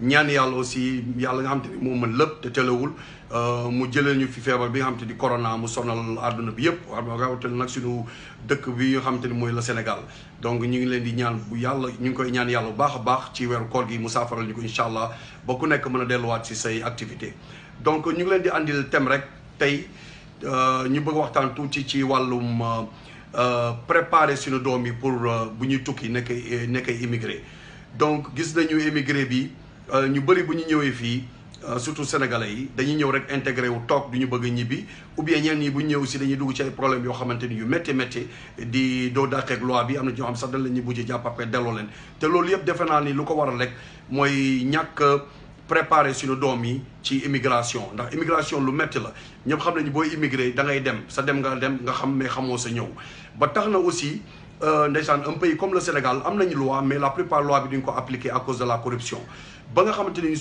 ñaan yàlla aussi yàlla nga xam te ni moo mën lépp te telewul euh, mu jëlee ñu fi feebar bi nga xam te ni corona mu sonal àdduna bi yëpp rawatina nag suñu dëkk bi nga xam te ni mooy la Sénégal donc ñu ngi leen di ñaan bu yàlla ñu ngi koy ñaan yàlla baax baax ci weeru koor gi mu saafaral ñu ko ba ku nekk mën a delluwaat si say activité donc ñu ngi leen di andil thème rek tey euh, ñu bëgg waxtaan tuuti ci wàllum euh, préparer suñu doom yi pour bu ñuy tukki nekk nekk immigré donc gis nañu immigré bi Euh, ñu bëri bu ñu ñëwee fii euh, surtout sénégalais yi dañuy ñëw rek intégré wu toog duñu bëgg ñibbi ou ñeen ñenn ñi bu ñu ñëw si dañuy dugg ci ay problème yoo xamante ni yu métti métti di doo dàqeeg loi bi am na ñoo xam sax dañ bu ñuy bujj jàppapee delloo leen te loolu yëpp defe naa ni lu ko waral rek mooy ñàkk préparer suñu doom yi ci immigration ndax immigration lu métti la ñëpp xam nañu booy immigré da ngay dem sa dem nga dem nga xam mais xamoo sa ñëw Euh, dans un pays comme le Sénégal am une loi mais la plupart loi bi duñ ko appliquer à cause de la corruption ba nga xamante ni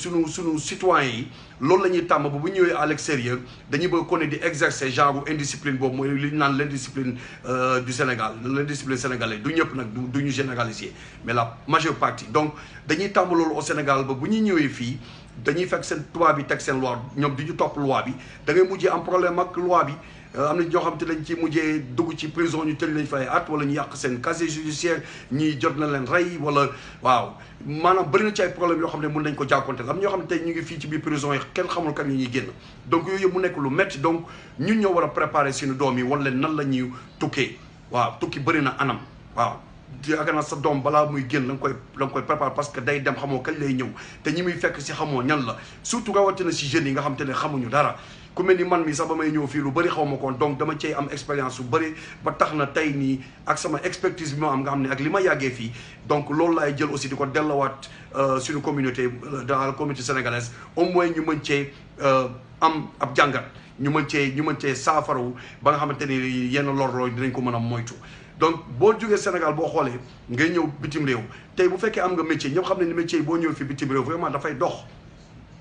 nous citoyens yi loolu la ñuy tàmm ba bu ñëwee à l'extérieur dañuy bëgg ko di exercer genre indiscipline boobu mooy li l'indiscipline euh, du Sénégal l'indiscipline sénégalaise du ñëpp nag du ñu généraliser mais la majeure partie donc dañuy tàmm loolu au Sénégal ba bu ñuy ñëwee fii dañuy fekk seen tubaab bi teg seen loi ñoom du ñu loi bi da ngay mujjee am problème ak loi bi euh, amna na ñoo lañ ci mujjé dugg ci prison ñu tëj lañ fay at wala ñu yàq sen casier judiciaire ñi jot na leen ray wala waaw manam bari na ci ay problème yo xamné ne mën nañ ko jànkonteel am ño xam ne ñu ngi fi ci bi prison yi kenn xamul kan ñu ñuy génn donc yoyu mu nekk lu metti donc ñun ñoo wara préparer suñu doom yi wan leen nan lañuy ñuy waaw tukki bari na anam waaw di naa sa doom bala muy genn da koy da koy préparer parce que day dem xamoo kañ lay ñëw te ñi muy fekk si xamoo ñan la surtout rawatina si jeunes yi nga xam te ne xamuñu dara ku mel ni man mi sax ba may ñëw fii lu bëri xaw ma koon donc dama cey am expérience su bëri ba tax na tey nii ak sama expertise bi ma am nga xam ne ak li ma yàggee fii donc loolu laay jël aussi di ko dellawaat euh, suñu communauté euh, dans la communauté sénégalaise au moins ñu mën cee euh, am ab jàngat ñu mën cee ñu mën cee saafarawu ba nga xamante ni yenn lorloo dinañ ko mën a moytu donc boo jógee Sénégal boo xoolee ngay ñëw bitim réew tey bu fekkee am nga métier ñëpp xam ne ni métier boo ñëw fi bitim réew vraiment dafay dox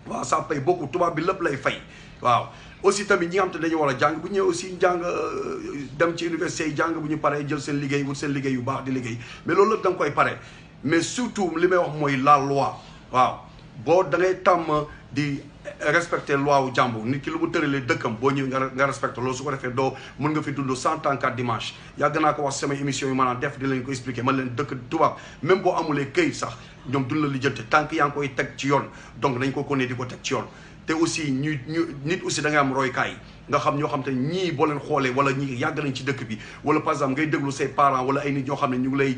waaw ça paye beaucoup tubaab bi lépp lay fay waaw aussi tamit ñi nga xam te dañu war a jàng bu ñu aussi jàng euh, dem ci université yi jàng bu ñu paree jël seen liggéey wut seen liggéey yu baax di liggéey mais loolu lépp koy pare mais surtout li may wax mooy la loi waaw boo da ngay tàmm di respecter loi wu jàmbur nit ki lu mu tëralee dëkkam boo ñëwee nga nga respecté loolu su ko defee doo mën nga fi dund cent ans quatre dimanche yàgg naa ko wax samay émission yu maanaam def di lañ ko expliquer man leen dëkk tubaab même boo amulee këyit sax ñoom dund la li jënte tànk yaa ngi koy teg ci yoon donc dañ ko kone di ko teg ci yoon te aussi ñu ñu nit aussi da nga am roykaay nga xam ñoo xam te ñii boo leen xoolee wala ñi yàgg nañ ci dëkk bi wala par exemple ngay déglu say parent wala ay nit ñoo xam ne ñu ngi lay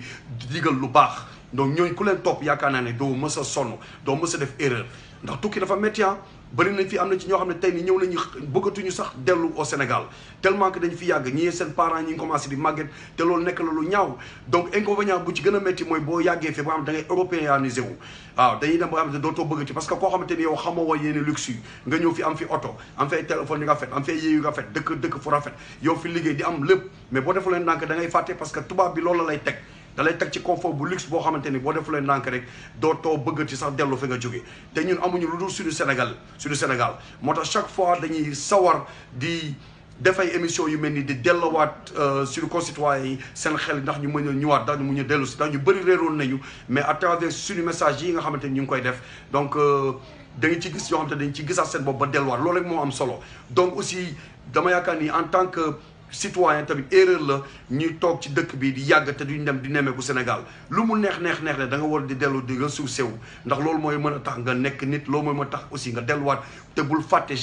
digal lu baax donc ñooñ ku leen topp yaakaar naa ne doo mës a sonn doo mës a def erreur ndax tukki dafa métti ah. bëri nañ fi am na ci ño xamne tay tey ni ñëw nañu bëggatuñu sax dellu au Sénégal tellement que dañ fi yag ñi seen parents ñi ngi commencé di màgget té loolu nek la lu ñaaw donc inconvénient bu ci gëna metti moy bo boo yàggee fi ba xam da ngay européanisé wu waaw dañuy dem bo am ne dootoo bëgg ci parce que ko xamanteni yow xamoo woon luxe nga ñew fi am fi auto am fi ay téléphone yu rafet am fi ay yéey yu rafet dëkk dëkk fu rafet yow fi liggéey di am lepp mais boo defalee dank da ngay faté parce que tuba bi loolu lay teg da lay teg ci confort bu luxe boo xamante ni boo defulee ndànk rek doo too bëgg ci sax dellu fi nga jóge te ñun amuñu lu dul suñu Sénégal suñu Sénégal moo tax chaque fois dañuy sawar di dafay émission yu mel nii di dellowaat euh, suñu concitoyens yi seen xel ndax ñu mën ñëwaat ndax ñu mën dellu si ndax ñu bëri réeroon nañu mais à travers suñu message yi nga xamante ni ñu ngi koy def donc euh, da ci gis yoo xamante dañ ci gisaat seen boobu ba delluwaat loolu moo am solo donc aussi yaakaar ni en tant que citoyen tamit erreur la ñi tok ci dëkk bi di duñ dem di Sénégal lu mu neex neex neex da nga war di di ndax lool moy mëna tax nga nekk nit monde moy tax aussi nga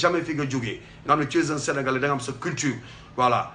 jamais fi nga es un Sénégalais culture voilà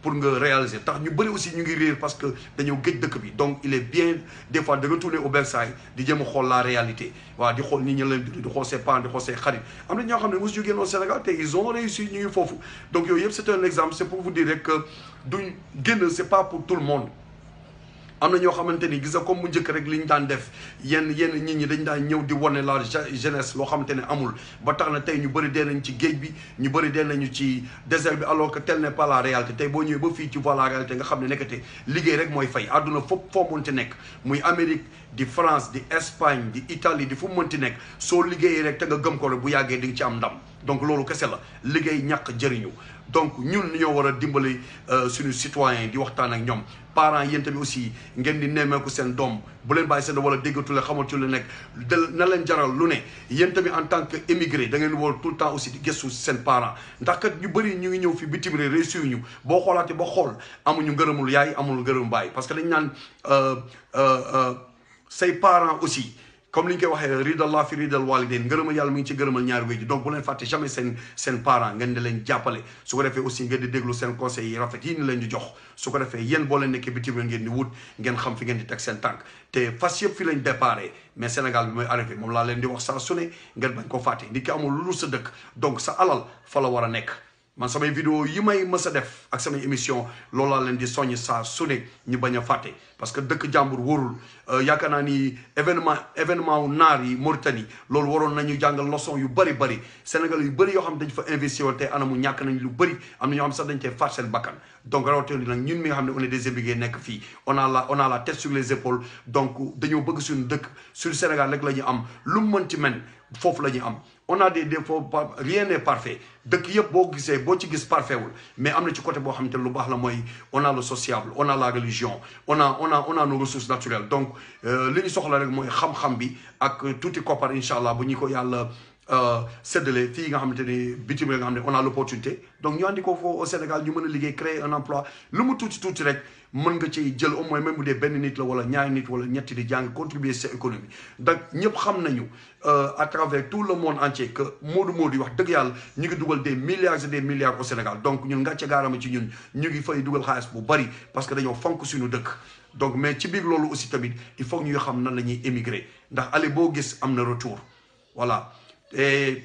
pour nga réaliser tax ñu bëri aussi ñu ngi parce que dañoo géej la bi donc il est bien des fois de retourner au bercail di jéem la réalité Voilà. di xool nit ñi leen di xool ses parents di xool ses xarit am na ñoo xam ne au Sénégal ils ont réussi ñu ngi donc c'est un exemple C'est pour vous dire que duñ génn c'est pas pour tout le monde am na ñoo xamante ni gis nga comme mu njëkk rek li ñu daan def yenn yenn nit ñi dañ daan ñëw di wane la jeunesse loo xamante ne amul ba tax na tey ñu bëri dee nañ ci géej bi ñu bëri dee nañu ci désert bi alors que tel ne pas la tey boo ñëwee ba fii ci voilà réalité nga xam ne nekkate liggéey rek mooy fay àdduna fopp foo mënti nekk muy Amérique di France di Espagne di Italie di fu mënti nekk soo liggéeyee rek te nga gëm ko rek bu yàggee di ci am ndam donc loolu kese la liggéey ñàkk jëriñu donc ñun ñoo war a dimbali euh, suñu citoyen di waxtaan ak ñoom parents yéen tamit aussi ngeen di nemmeeku seen doom bu leen bàyyi seen wala déggatule xamatu lu nekk del na leen jaral lu ne yéen tamit en tant que émigré da ngeen war tout le temps aussi di gëstu seen parent ndax kat ñu bëri ñu ngi ñëw fi bitim réew réussir ñu boo xoolaate ba xool amuñu ngërëmul yaay amul ngërëm baay parce que dañ naan euh, euh, say parent aussi comme li ñu koy waxee ridallah fi ridal walidain ngërëmal yàlla mu ngi ci ngërëmal ñaari wéy ji donc bu leen fàtte jamais seen seen parent ngeen di leen jàppale su ko defee aussi ngeen di déglu seen conseils yi rafet yi ni leen di jox su ko defee yéen boo leen nekkee bitim ngeen di wut ngeen xam fi ngeen di teg seen tànk te fas yëpp fi lañ déparé mais Sénégal bi mooy arrivé moom laa leen di wax sa su ne ngeen bañ ko fàtte ndi amul lu dul sa dëkk donc sa alal fa war a man samay vidéo yi may mës a def ak samay émission loolu laa leen di soññ saa su ne ñu bañ a fàtte parce que dëkk jàmbur wóorul euh, yaakaar naa ni événement événement wu naar yi Mauritanie loolu waroon nañu jàngal leçon yu bëri bëri Sénégal yu bari yoo xam ne dañ fa investir woon te mu ñàkk nañ lu bëri am na ñoo xam sax dañ cee faat seen bakkan donc rawatina nag ñun mi nga xam ne on est des immigrés nekk fii on a la on a la tête sur les épaules donc dañoo bëgg suñu dëkk suñu Sénégal rek la ñu am lu mu mën ci men foofu la am on a des défauts rien n'est parfait dëkk yeb bo gisee bo ci gis parfaitul mais amna ci côté bo xam lu bax la moy on a le sociable on a la religion on a on a on a nos ressources naturelles donc euh ñu soxla rek moy xam-xam bi ak touti copar inshallah allah bu ñu ko c'est euh, de nga xamante ni bitim nga on a l'opportunité donc ñu andi ko au Sénégal ñu mën a créer un emploi lu mu tout tout rek mën nga ci jël au moins même bu dee benn nit la wala n'y nit wala ñetti di contribuer cette économie donc ñëpp xam nañu euh, à travers tout le monde entier que Modou mode de wax dëgg yàlla des milliards et des milliards au Sénégal donc ñun ngàcce gaarama ci ñun ñu ngi fay dugal xaalis bu bari parce que dañoo fonk suñu dëkk donc mais ci biir loolu aussi il faut que xam nan la émigrer ndax aller gis retour voilà li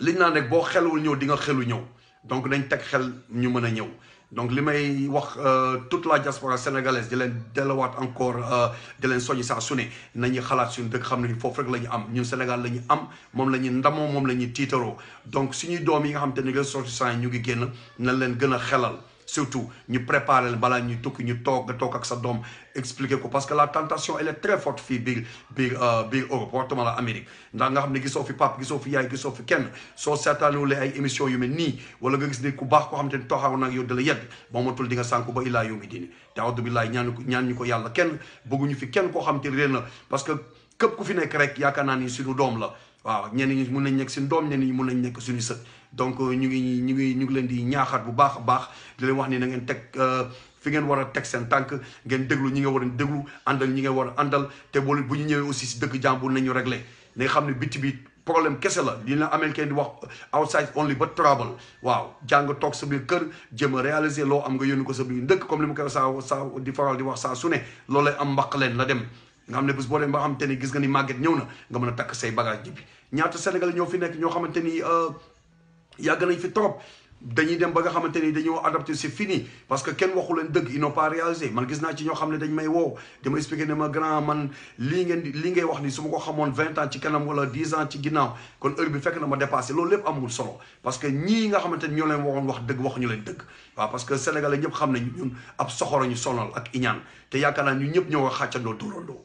liñ naa nag boo xelul ñëw di nga xelu ñëw donc nañ teg xel ñu mën a ñëw donc li may wax euh, toute la diaspora sénégalaise di leen delawaat encore euh, di leen soññ saa su ne nañu xalaat suñ dëkk xam ne foofu rek la ñu am ñun Sénégal la ñu am moom la ñu ndamoo moom la ñu tiitaroo donc suñuy doom yi nga xam te ne ressortissants saa ñu ngi génn na leen gën a xelal surtout ñu préparer le balaa ñu tukki ñu tok tok ak sa dom expliquer ko parce que la tentation elle est très forte fi biir biir euh, biir Europe waxtuma la Amérique ndax nga xamni ne pap gisoo fi yaay gisoo fi kenn soo seetaanoolee ay émission yu mel wala nga gis ne ku baax ko xam te ne tooxaru nag yow da la yedd ba matul di nga sanku ba ila yow dini te billahi ñaan ñaan ñu ko yàlla kenn ñu fi kenn ko xam te réer parce que kep ku fi nek rek yaakaar naa ni suñu dom la waaw ñen ñi mun nañ nekk suñu doom ñenn ñi mun nañ nekk suñu sët donc euh, ñu ngi ñu ngi ñu ngi leen di ñaaxaat bu baax a baax di leen wax ni na ngeen teg euh, fi ngeen war a teg seen tànk ngeen déglu ñi nga war a déglu àndal ñi nga war a àndal te boole bu ñu ñëwee aussi si dëkk jàmbur nañu réglé na xam ne bitti bi problème kese la li la di wax outside only but trouble waaw jàng toog sa biir kër jéem a réaliser loo am nga yónni ko sa biir ndëkk comme li koy saa saa di faral di wax saa su ne kelen lay am mbaq leen la dem nga xam ne bés boo dem ba xam te ni gis nga ni màgget ñëw na nga mën a takk say bagage ji bi ñaata sénégal ñoo fi nekk ñoo xamante ni euh, yàgg nañ fi trop dañuy dem ba nga xamante ni dañoo adapté c'est fini parce que kenn waxu leen dëgg ils n'ont pas réalisé man gis naa ci ñoo xam ne dañ may wo dama expliqué ne ma grand man lii ngeen di lii ngay ni su ma ko xamoon ci kanam wala dix ans ci ginnaaw kon heure bi fekk na ma dépassé loolu lépp amul solo parce que ñii nga xamante ni ñoo leen waroon wax dëgg waxuñu leen dëgg waaw parce que sénégalais ñëpp xam ne ñun ab soxoro ñu sonal ak iñaan te yaakaar naa ñu ñëpp ñoo ko xàccandoo dóorandoo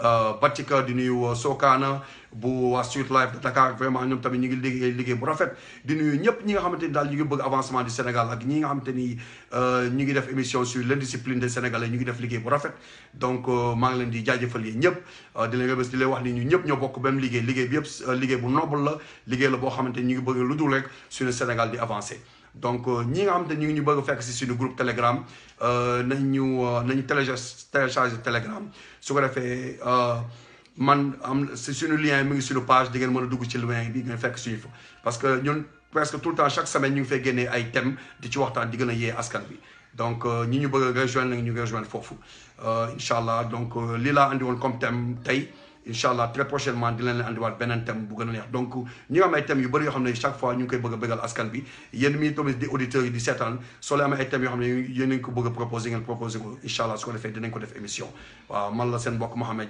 Euh, Batika di nuyu euh, Sokana bu waa Street Life de Dakar vraiment ñoom tamit ñu ngi liggéey liggéey bu rafet di nuyu ñëpp ñi nga xamante ni daal ñu ngi bëgg avancement Sénégal ak ñi ni euh, ñu ngi def émission sur l'indiscipline des Sénégalais ñu ngi def liggéey bu rafet donc maa ngi leen di jaajëfal yéen ñëpp di leen rëbës di leen wax ni ñu ñëpp ñoo bokk même liggéey liggéey bi yëpp liggéey bu noble la liggéey la boo xamante ni ñu ngi bëgg lu dul rek suñu Sénégal di avancer donc euh, ñi nga xam te ñu ngi ñu bëgg fekk si suñu groupe telegram euh, nañ ñu euh, nañu téléchargé telegram su ko defee man am si suñu lien mi ngi suñu page di ngeen mën a dugg ci lien bi ngeen fekk suñu fa parce que ñun presque tout le temps chaque semaine ñu ngi fay génnee ay thèmes di ci waxtaan di gën a yee askan bi donc ñi ñu bëgg a rejoindre ñu ngi rejoindre foofu incha allah donc lii laa andi woon comme thème tey incha allah très prochainement di leen leen andiwaat beneen thème a neex donc ñi nga am ay thèmes yu bëri yoo xam ne chaque fois ñu ngi koy bëgg a bëggal askan bi yéen mi tamit di auditeurs yi di seetaan soo leen amee ay thèmes yoo xam ne yéen a ngi a proposé ngeen proposé ko incha allah su ko defee dinañ ko def émission waaw man la seen mbokk Mohamed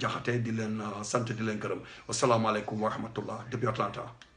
euh, depuis Atlanta